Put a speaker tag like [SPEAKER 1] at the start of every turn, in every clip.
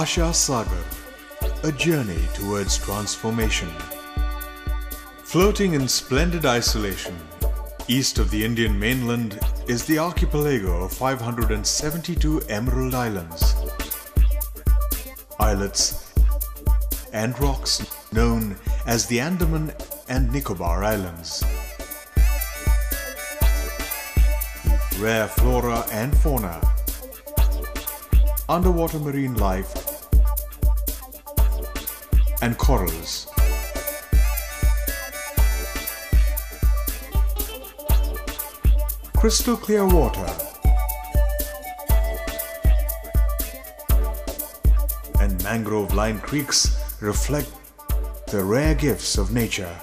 [SPEAKER 1] Asha Sagar, a journey towards transformation. Floating in splendid isolation, east of the Indian mainland is the archipelago of 572 emerald islands, islets, and rocks known as the Andaman and Nicobar Islands. Rare flora and fauna, underwater marine life and corals. Crystal clear water and mangrove-lined creeks reflect the rare gifts of nature.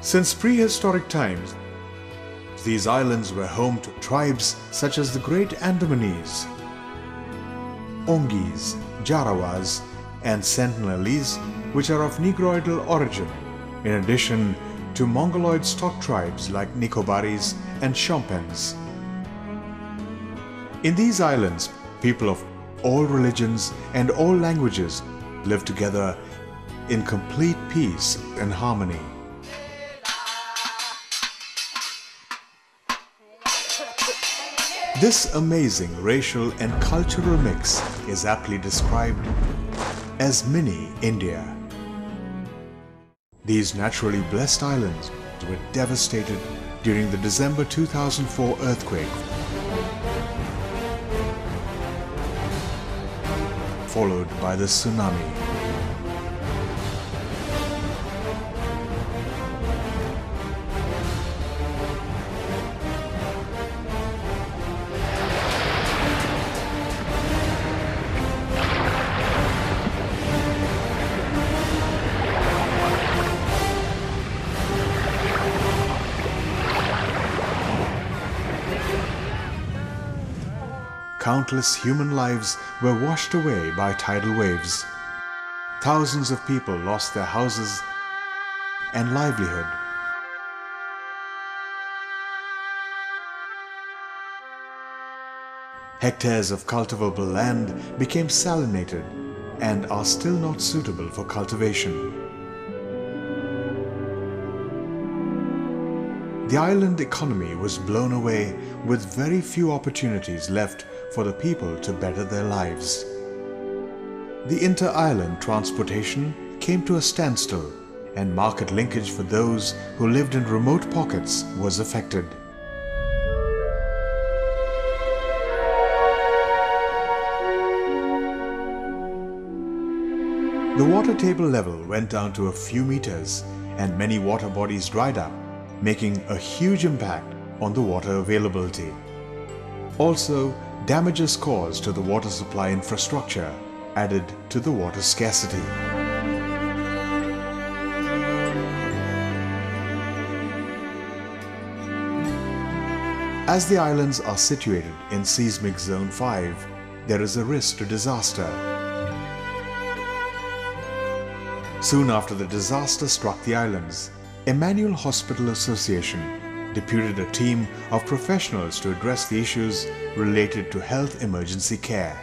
[SPEAKER 1] Since prehistoric times, these islands were home to tribes such as the Great Andamanese, Ongis, Jarawas, and Sentinelese, which are of Negroidal origin, in addition to Mongoloid stock tribes like Nicobaris and Champens. In these islands, people of all religions and all languages live together in complete peace and harmony. This amazing racial and cultural mix is aptly described as mini India. These naturally blessed islands were devastated during the December 2004 earthquake, followed by the tsunami. countless human lives were washed away by tidal waves. Thousands of people lost their houses and livelihood. Hectares of cultivable land became salinated and are still not suitable for cultivation. The island economy was blown away with very few opportunities left for the people to better their lives. The inter-island transportation came to a standstill and market linkage for those who lived in remote pockets was affected. The water table level went down to a few meters and many water bodies dried up, making a huge impact on the water availability. Also, damages caused to the water supply infrastructure added to the water scarcity. As the islands are situated in seismic zone 5, there is a risk to disaster. Soon after the disaster struck the islands, Emmanuel Hospital Association deputed a team of professionals to address the issues related to health emergency care.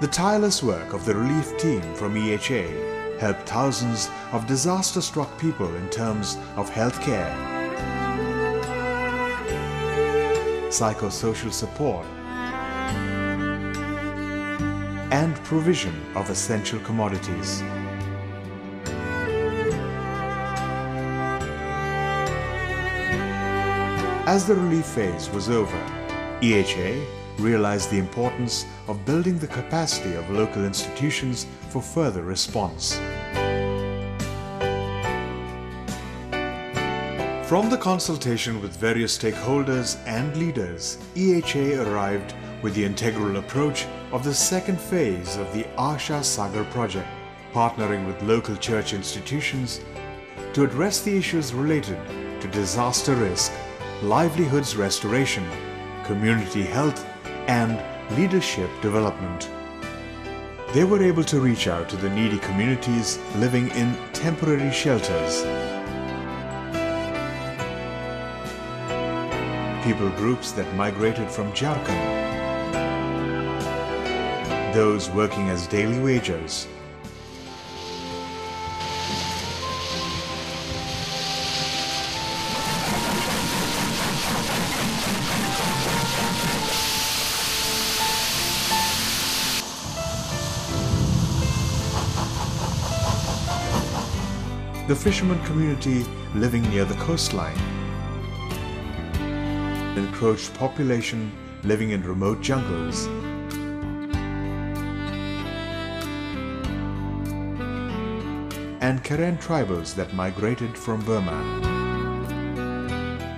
[SPEAKER 1] The tireless work of the relief team from EHA helped thousands of disaster struck people in terms of health care, psychosocial support, and provision of essential commodities. As the relief phase was over, EHA realized the importance of building the capacity of local institutions for further response. From the consultation with various stakeholders and leaders, EHA arrived with the integral approach of the second phase of the Asha Sagar project, partnering with local church institutions to address the issues related to disaster risk livelihoods restoration, community health, and leadership development. They were able to reach out to the needy communities living in temporary shelters. People groups that migrated from Jharkhand, those working as daily wagers, the fishermen community living near the coastline, encroached population living in remote jungles, and Karen tribals that migrated from Burma.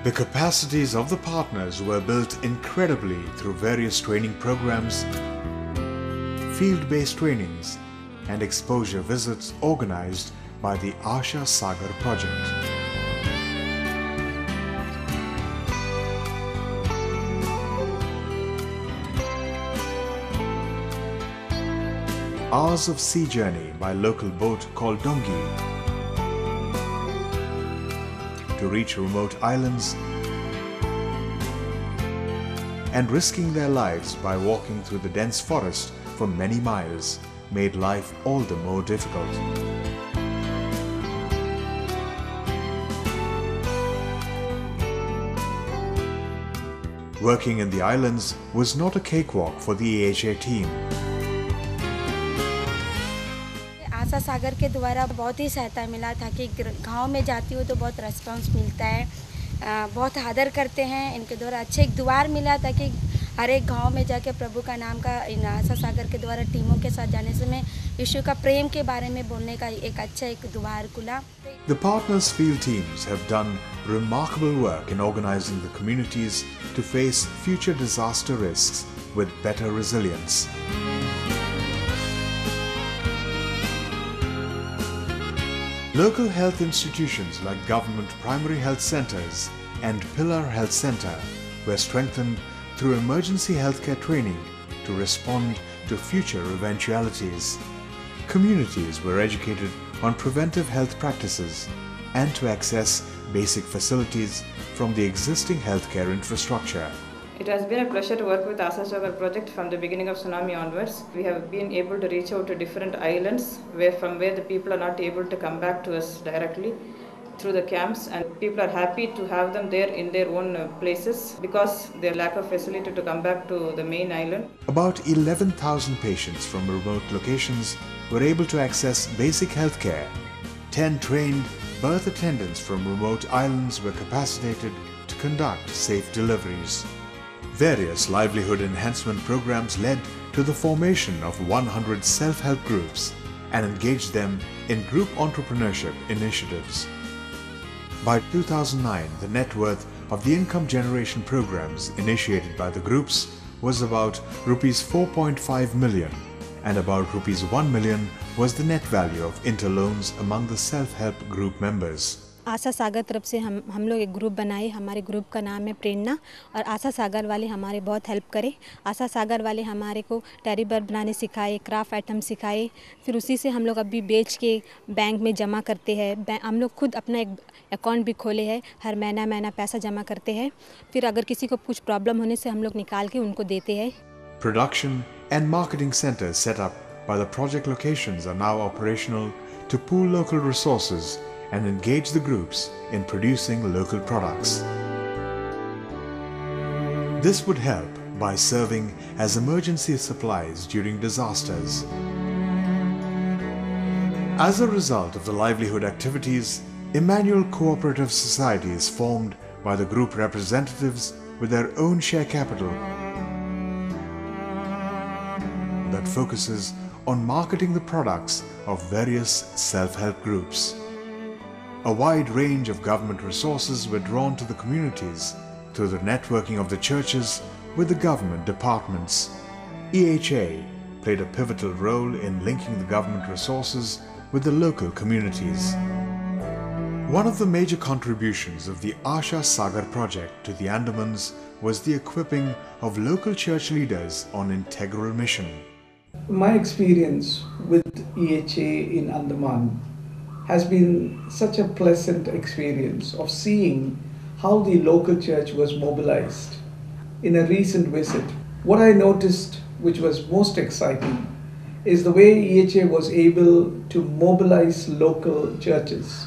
[SPEAKER 1] The capacities of the partners were built incredibly through various training programs, field-based trainings, and exposure visits organized by the Asha Sagar project. Hours of Sea Journey by local boat called Dongi to reach remote islands and risking their lives by walking through the dense forest for many miles made life all the more difficult. Working in the islands was not a cakewalk for the AHA team.
[SPEAKER 2] आशा सागर के द्वारा बहुत ही सहायता मिला था कि गांव में जाती हूँ तो बहुत रेस्पॉन्स मिलता है बहुत आदर करते हैं इनके द्वारा अच्छे एक द्वार मिला ताकि हर एक गांव में जाके प्रभु का नाम का इन आशा सागर के द्वारा टीमों के साथ जाने से मैं The
[SPEAKER 1] partners' field teams have done remarkable work in organizing the communities to face future disaster risks with better resilience. Local health institutions like government primary health centers and Pillar Health Center were strengthened through emergency healthcare training to respond to future eventualities communities were educated on preventive health practices and to access basic facilities from the existing healthcare infrastructure.
[SPEAKER 2] It has been a pleasure to work with Asa Jogar project from the beginning of tsunami onwards. We have been able to reach out to different islands where from where the people are not able to come back to us directly through the camps and people are happy to have them there in their own uh, places because their lack of facility to come back to the main island.
[SPEAKER 1] About 11,000 patients from remote locations were able to access basic healthcare. Ten trained birth attendants from remote islands were capacitated to conduct safe deliveries. Various livelihood enhancement programs led to the formation of 100 self-help groups and engaged them in group entrepreneurship initiatives. By 2009, the net worth of the income generation programs initiated by the groups was about rupees 4.5 million and about rupees 1 million was the net value of interloans among the self-help group members.
[SPEAKER 2] आशा सागर तरफ से हम हम लोग एक group बनाए हमारे group का नाम है प्रेरणा और आशा सागर वाले हमारे बहुत हेल्प करे आशा सागर वाले हमारे को टेरी बर्ड बनाने सिखाए क्राफ्ट आइटम सिखाए फिर उसी से हम लोग अभी बेच के बैंक में जमा करते हैं हम लोग खुद अपना एक अकाउंट भी खोले है हर महीना महीना पैसा जमा करते हैं फिर अगर किसी को कुछ प्रॉब्लम होने से हम लोग निकाल के उनको देते हैं
[SPEAKER 1] Production and marketing centers set up by the project locations are now operational to pool local resources and engage the groups in producing local products. This would help by serving as emergency supplies during disasters. As a result of the livelihood activities, Emmanuel Cooperative society is formed by the group representatives with their own share capital that focuses on marketing the products of various self-help groups. A wide range of government resources were drawn to the communities through the networking of the churches with the government departments. EHA played a pivotal role in linking the government resources with the local communities. One of the major contributions of the Asha Sagar project to the Andamans was the equipping of local church leaders on integral mission
[SPEAKER 3] my experience with EHA in Andaman has been such a pleasant experience of seeing how the local church was mobilized in a recent visit. What I noticed, which was most exciting, is the way EHA was able to mobilize local churches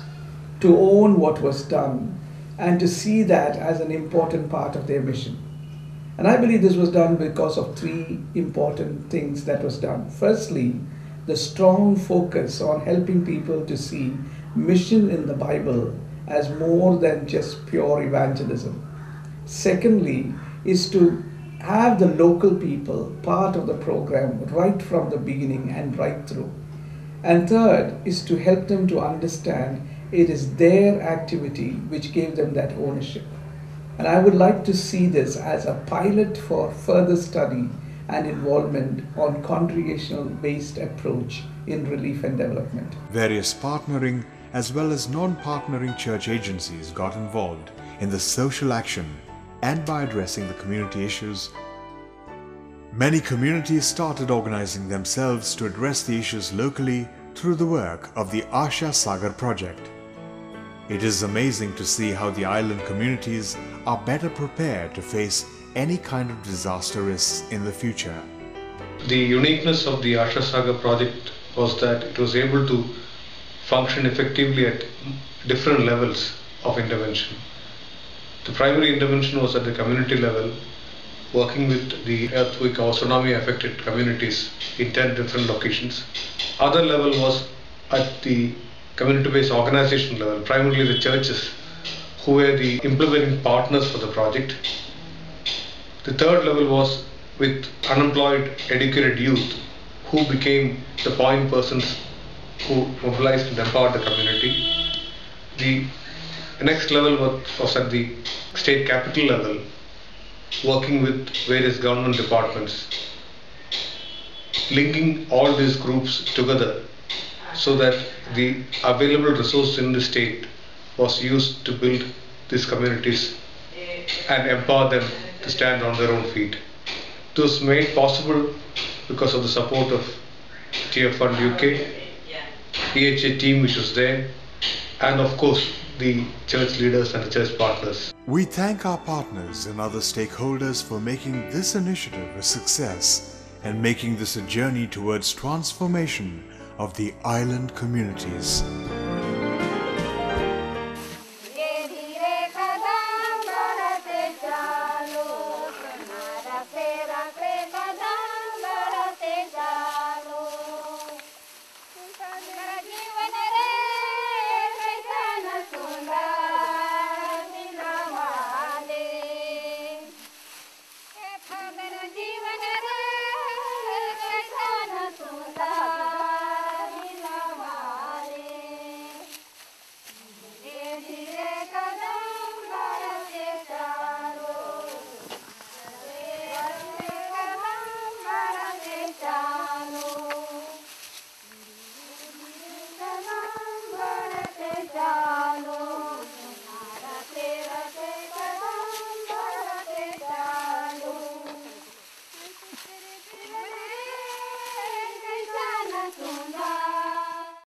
[SPEAKER 3] to own what was done and to see that as an important part of their mission. And I believe this was done because of three important things that was done. Firstly, the strong focus on helping people to see mission in the Bible as more than just pure evangelism. Secondly, is to have the local people part of the program right from the beginning and right through. And third is to help them to understand it is their activity which gave them that ownership. And I would like to see this as a pilot for further study and involvement on congregational based approach in relief and development.
[SPEAKER 1] Various partnering as well as non-partnering church agencies got involved in the social action and by addressing the community issues. Many communities started organizing themselves to address the issues locally through the work of the Asha Sagar project. It is amazing to see how the island communities are better prepared to face any kind of disaster risks in the future.
[SPEAKER 2] The uniqueness of the Ashasaga project was that it was able to function effectively at different levels of intervention. The primary intervention was at the community level, working with the earthquake or tsunami affected communities in 10 different locations. Other level was at the community-based organization level, primarily the churches, who were the implementing partners for the project. The third level was with unemployed, educated youth who became the point persons who mobilized and empowered the community. The next level was, was at the state capital level, working with various government departments, linking all these groups together so that the available resource in the state was used to build these communities and empower them to stand on their own feet. This was made possible because of the support of TF Fund UK, EHA team which was there, and of course the church leaders and the church partners.
[SPEAKER 1] We thank our partners and other stakeholders for making this initiative a success and making this a journey towards transformation of the island communities.